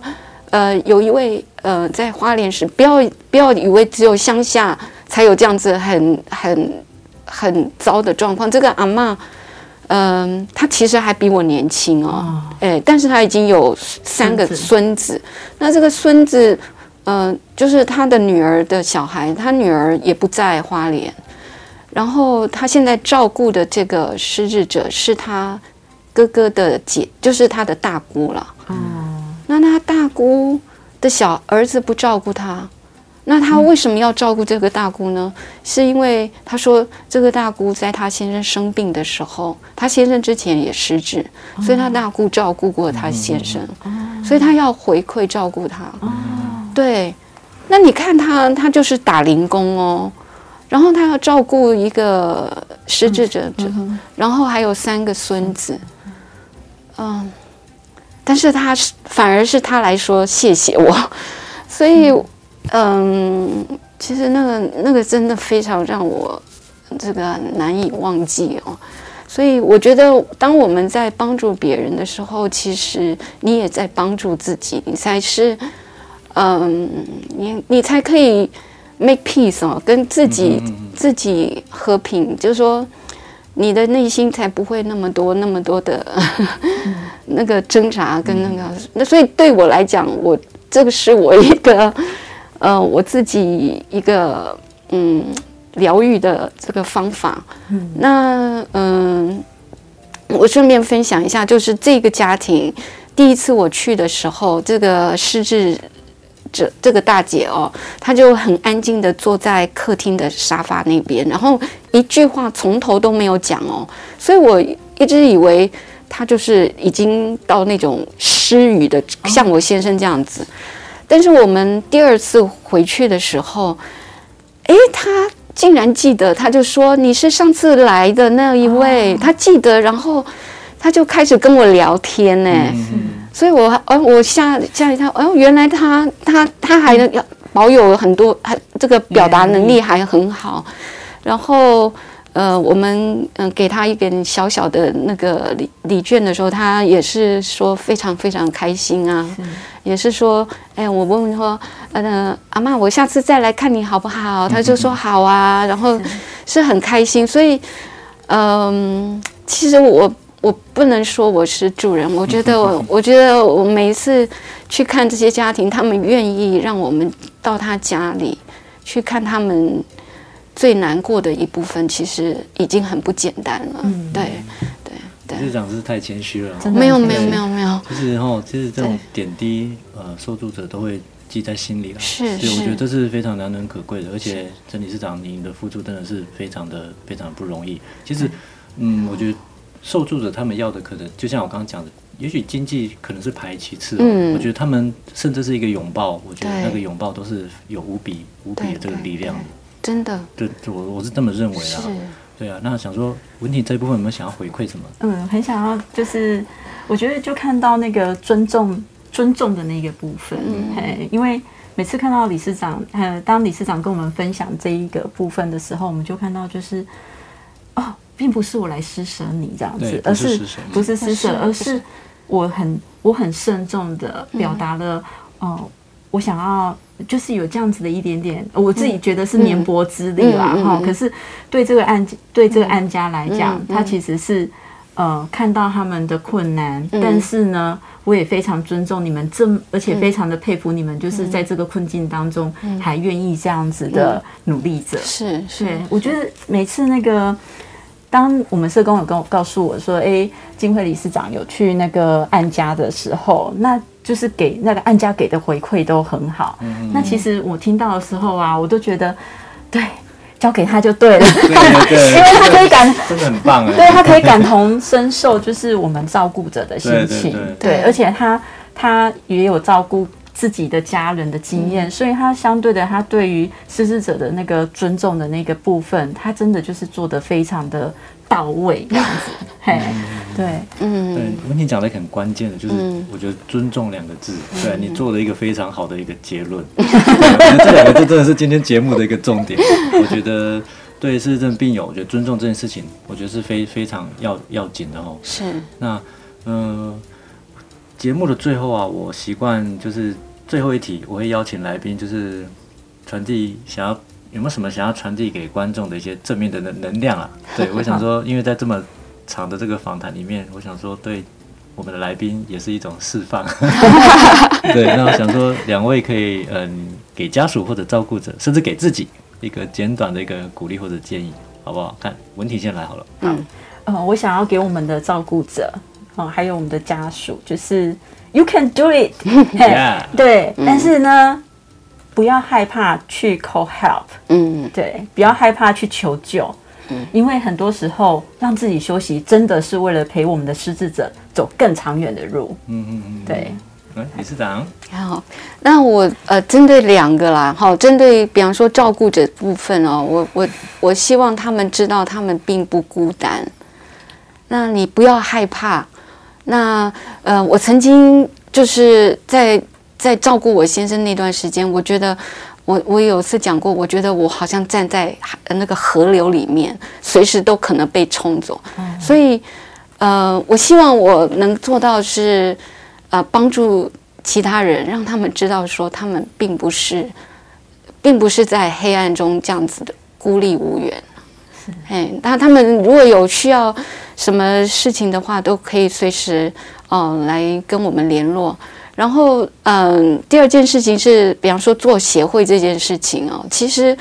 C: 呃，有一位呃在花蓮市，不要不要以為只有鄉下才有這樣子很很。很糟的狀況。這個阿嬤嗯、呃，她其實還比我年輕哦，哎、哦欸，但是她已經有三個孫子，子。那這個孫子，嗯、呃，就是他的女兒的小孩，他女兒也不在花蓮。然後他現在照顧的這個失智者是他哥哥的姐，就是他的大姑了。哦、嗯，那他大姑的小兒子不照顧他。那他為什麼要照顧這個大姑呢、嗯？是因為他說這個大姑在他先生生病的時候，他先生之前也失智，哦、所以他大姑照顧過他先生，嗯、所以他要回饋照顧他、哦。對，那你看他，他就是打零工哦，然後他要照顧一個失智者,者、嗯，然後還有三個孫子，嗯，嗯但是他是反而是他來說謝謝我，所以。嗯嗯，其實那個那個真的非常讓我這個難以忘記哦。所以我覺得，當我們在幫助別人的時候，其實你也在幫助自己，你才是嗯，你你才可以 make peace 哦，跟自己嗯嗯嗯自己和平，就是說你的內心才不會那麼多那麼多的呵呵、嗯、那個掙扎跟那個、嗯、那。所以對我來講，我這個是我一個。呃，我自己一個嗯，療癒的這個方法。嗯那嗯、呃，我順便分享一下，就是這個家庭第一次我去的時候，這個失智這這個大姐哦，她就很安靜的坐在客廳的沙發那邊，然後一句話從頭都沒有講哦，所以我一直以為她就是已經到那種失語的、哦，像我先生這樣子。但是我們第二次回去的時候，誒，他竟然記得，他就說你是上次來的那一位，哦、他記得，然後他就開始跟我聊天呢、嗯。所以我，我哦，我嚇嚇一跳哦，原來他他他還能要保有很多，還、嗯、這個表達能力還很好，然後。呃，我們嗯、呃、給他一點小小的那個禮禮券的時候，他也是說非常非常開心啊，是也是說，哎、欸，我問問說，呃，阿媽，我下次再來看你好不好、嗯？他就說好啊，然後是很開心。所以，嗯、呃，其實我我不能說我是助人，我覺得我、嗯、我覺得我每一次去看這些家庭，他們願意讓我們到他家裡去看他們。最難過的一部分，其實已經很不簡單了。對，嗯、
B: 對，對。理事長是太謙虛了沒，沒有，沒有，沒、就、有、是，沒有。其實哈，就是這種點滴，呃，受助者都會記在心裡了。是，我覺得這是非常難能可貴的，而且曾理事長，您的付出真的是非常的非常的不容易。其實，嗯，我覺得受助者他們要的，可能就像我剛剛講的，也許經濟可能是排其次、哦，嗯，我覺得他們甚至是一個擁抱，我覺得那個擁抱都是有無比無比的這個力量。真的，對，我我是這麼認為啊。是，對啊。那想說雯婷，這一部分有沒有想要回饋什麼？嗯，
A: 很想要，就是我覺得就看到那個尊重，尊重的那個部分，嗯。嘿，因為每次看到理事長，當理事長跟我們分享這一個部分的時候，我們就看到就是，哦，並不是我來施捨你這樣子，而是不是施捨，不是施捨，而是我很我很慎重的表達了哦。嗯呃我想要就是有這樣子的一點點，我自己覺得是綿薄之力啦哈、嗯嗯嗯。可是對這個案、嗯、對這個案家來講、嗯嗯，他其實是呃看到他們的困難、嗯，但是呢，我也非常尊重你們，這而且非常的佩服你們，就是在這個困境當中、嗯、還願意這樣子的努力着、嗯嗯。是是對，我覺得每次那個，當我們社工有跟我告訴我說，哎、欸，敬惠理事長有去那個案家的時候，那。就是給那個案家給的回饋都很好、嗯。那其實我聽到的時候啊，我都覺得，對，交給他就對了， <laughs> 對對對 <laughs> 因為他可以感， <laughs> 真的很棒。對他可以感同身受，就是我們照顧者的心情。 <laughs> 對，對，對，對，對，而且他他也有照顧自己的家人的經驗，嗯、所以他相對的，他對於失智者的那個尊重的那個部分，他真的就是做得非常的。到位那樣子、嗯，對，
B: 嗯，對，問題講的很關鍵的，就是我覺得“尊重”兩個字，嗯、對你做了一個非常好的一個結論。嗯嗯、這兩個字真的是今天節目的一個重點。 <laughs> 我覺得對失智症病友，我覺得尊重這件事情，我覺得是非非常要要緊的哦。是，那嗯，節、呃、目的最後啊，我習慣就是最後一題，我會邀請來賓就是傳遞想要。有沒有什麼想要傳遞給觀眾的一些正面的能能量啊？對我想說，因為在這麼長的這個訪談裡面，我想說，對我們的來賓也是一種釋放。 <laughs> <laughs> 對，那我想說，兩位可以嗯，給家屬或者照顧者，甚至給自己一個簡短的一個鼓勵或者建議，好不好？看雯婷先來好了
A: 好。嗯，呃，我想要給我們的照顧者、呃、還有我們的家屬，就是 You can do it。 <laughs> 對，yeah. 但是呢。嗯不要害怕去 call help，嗯，對，不要害怕去求救，嗯，因為很多時候讓自己休息，真的是為了陪我們的失智者走更長遠的路，嗯嗯嗯，對。來、嗯
B: 嗯嗯、理事長。
C: 好，那我呃，針對兩個啦，好，針對比方說照顧者部分哦，我我我希望他們知道，他們並不孤單。那你不要害怕。那呃，我曾經就是在。在照顧我先生那段時間，我覺得我我有一次講過，我覺得我好像站在那個河流裡面，隨時都可能被沖走。嗯嗯。所以，呃，我希望我能做到是，呃，幫助其他人，讓他們知道說，他們並不是，並不是在黑暗中這樣子的孤立無援。哎，那他們如果有需要什麼事情的話，都可以隨時哦，呃，來跟我們聯絡。然後，嗯，第二件事情是，比方說做協會這件事情哦，其實，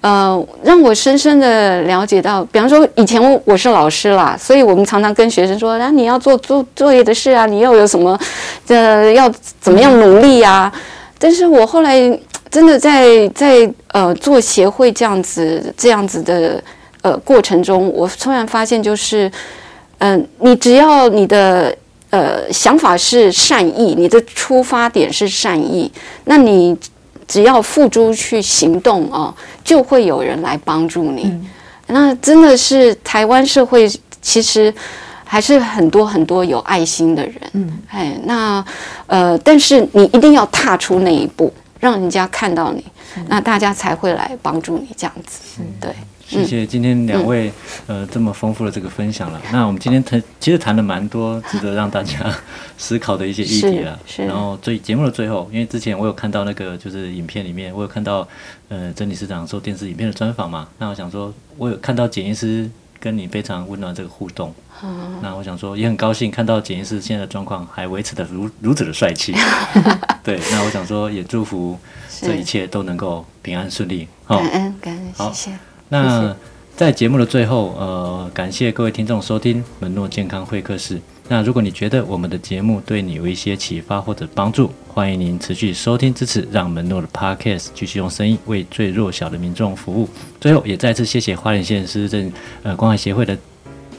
C: 呃，讓我深深的了解到，比方說以前我我是老師啦，所以我們常常跟學生說，然後你要做做作業的事啊，你要有什麼，呃，要怎麼樣努力呀？嗯。但是我後來真的在在在，呃做協會這樣子這樣子的呃過程中，我突然發現就是，嗯，你只要你的。呃，想法是善意，你的出發點是善意，那你只要付諸去行動哦，就會有人來幫助你。嗯。那真的是台灣社會，其實還是很多很多有愛心的人。哎，嗯，那呃，但是你一定要踏出那一步，讓人家看到你，嗯，那大家才會來幫助你這樣子。嗯，對。謝謝
B: 今天兩位、嗯嗯，呃，這麼豐富的這個分享了。那我們今天談、哦，其實談了蠻多，值得讓大家思考的一些議題了。然後最節目的最後，因為之前我有看到那個就是影片裡面，我有看到，呃，曾理事長做電視影片的專訪嘛。那我想說，我有看到簡醫師跟你非常溫暖這個互動。嗯、那我想說，也很高興看到簡醫師現在的狀況還維持得如如此的帥氣。 <laughs> 對，那我想說，也祝福這一切都能夠平安順利。好、哦，感恩
D: 感恩好，謝謝。
B: 那在節目的最後，呃，感謝各位聽眾收聽門諾健康會客室。那如果你覺得我們的節目對你有一些啟發或者幫助，歡迎您持續收聽支持，讓門諾的 Podcast 繼續用聲音為最弱小的民眾服務。最後也再次謝謝花蓮縣失智呃關懷協會的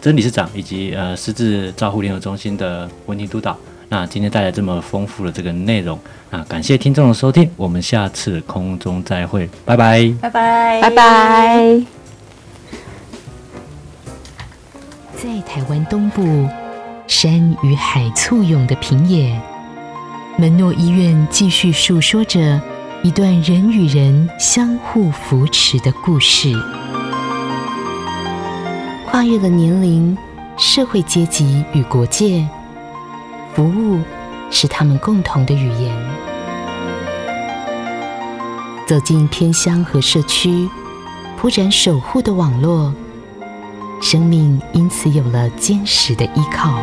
B: 曾理事長以及呃失智照護聯合中心的雯婷督導。那今天帶來這麼豐富的這個內容，啊，感謝聽眾的收聽，我們下次空中再會，拜拜，拜拜，
A: 拜拜。
B: 在台灣東部，山與海簇擁的平野，門諾醫院繼續述說着一段人與人相互扶持的故事，跨越了年
C: 齡、社會階級與國界。服務是他們
D: 共同的語言。走進偏鄉和社區，鋪展守護的網絡，生命因此有了堅實的依靠。